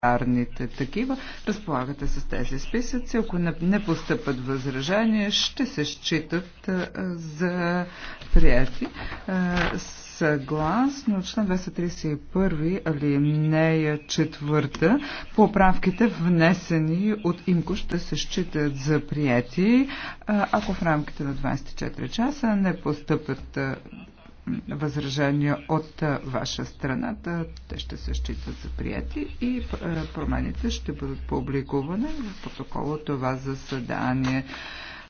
парламентарните такива. Разполагате с тези списъци. Ако не, не постъпат възражения, ще се считат а, за прияти. съгласно член 231 нея четвърта, поправките внесени от ИМКО ще се считат за прияти, ако в рамките на 24 часа не постъпят възражения от ваша страна, да, те ще се считат за прияти и промените ще бъдат публикувани в от това заседание.